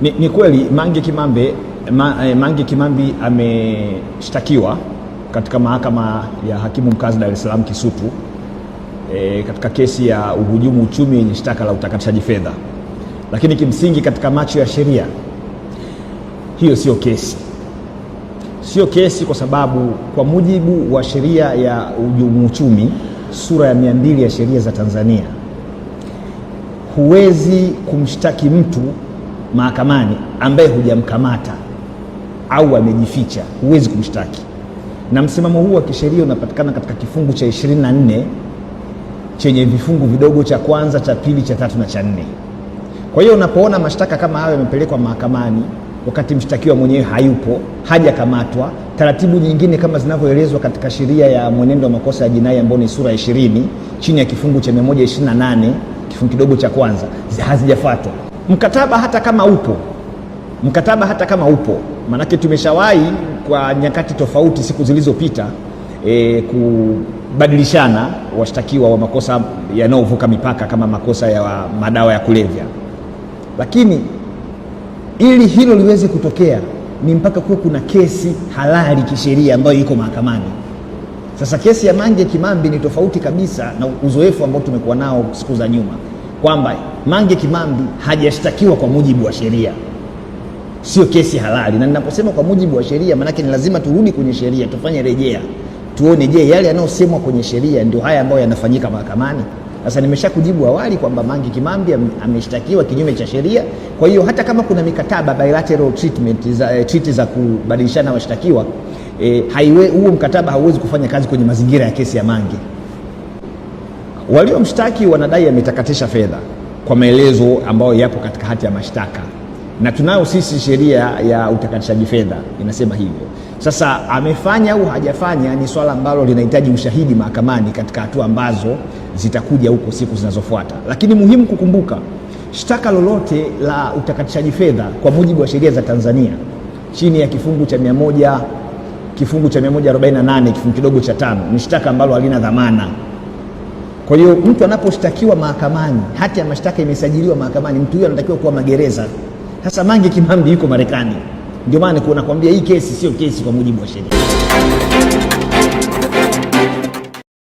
Ni, ni kweli Mange Kimambe ma, eh, Mange Kimambi ameshtakiwa katika mahakama ya hakimu mkazi Dar es Salaam Kisutu eh, katika kesi ya uhujumu uchumi yenye shtaka la utakatishaji fedha, lakini kimsingi katika macho ya sheria hiyo sio kesi, sio kesi kwa sababu kwa mujibu wa sheria ya uhujumu uchumi sura ya mia mbili ya sheria za Tanzania huwezi kumshtaki mtu mahakamani ambaye hujamkamata au amejificha, huwezi kumshtaki. Na msimamo huu wa kisheria unapatikana katika kifungu cha 24 chenye vifungu vidogo cha kwanza, cha pili, cha tatu na cha nne. Kwa hiyo unapoona mashtaka kama hayo yamepelekwa mahakamani wakati mshtakiwa mwenyewe hayupo, hajakamatwa, taratibu nyingine kama zinavyoelezwa katika sheria ya mwenendo wa makosa ya jinai ambayo ni sura 20 chini ya kifungu cha 128 kifungu kidogo cha kwanza hazijafuatwa mkataba hata kama upo mkataba hata kama upo, maanake tumeshawahi kwa nyakati tofauti, siku zilizopita e, kubadilishana washtakiwa wa makosa yanayovuka mipaka kama makosa ya madawa ya kulevya, lakini ili hilo liweze kutokea ni mpaka kuwe kuna kesi halali kisheria ambayo iko mahakamani. Sasa kesi ya Mange Kimambi ni tofauti kabisa na uzoefu ambao tumekuwa nao siku za nyuma kwamba Mange Kimambi hajashtakiwa kwa mujibu wa sheria, sio kesi halali. Na ninaposema kwa mujibu wa sheria, maanake ni lazima turudi kwenye sheria, tufanye rejea, tuone, je, yale yanayosemwa kwenye sheria ndio haya ambayo yanafanyika mahakamani? Sasa nimesha kujibu awali kwamba Mange Kimambi ameshtakiwa kinyume cha sheria. Kwa hiyo hata kama kuna mikataba bilateral treatment za, eh, treaty za kubadilishana washtakiwa, eh, haiwe huo mkataba hauwezi kufanya kazi kwenye mazingira ya kesi ya Mange. Waliomshtaki wanadai ametakatisha fedha kwa maelezo ambayo yapo katika hati ya mashtaka, na tunayo sisi sheria ya utakatishaji fedha inasema hivyo. Sasa amefanya au hajafanya ni swala ambalo linahitaji ushahidi mahakamani katika hatua ambazo zitakuja huko siku zinazofuata, lakini muhimu kukumbuka, shtaka lolote la utakatishaji fedha kwa mujibu wa sheria za Tanzania chini ya kifungu cha mia moja kifungu cha 148 kifungu kidogo cha tano ni shtaka ambalo halina dhamana. Kwa hiyo mtu anaposhtakiwa mahakamani, hati ya mashtaka imesajiliwa mahakamani, mtu huyo anatakiwa kuwa magereza. Sasa mangi Kimambi yuko Marekani, ndio maana nakwambia hii kesi sio kesi kwa mujibu wa sheria.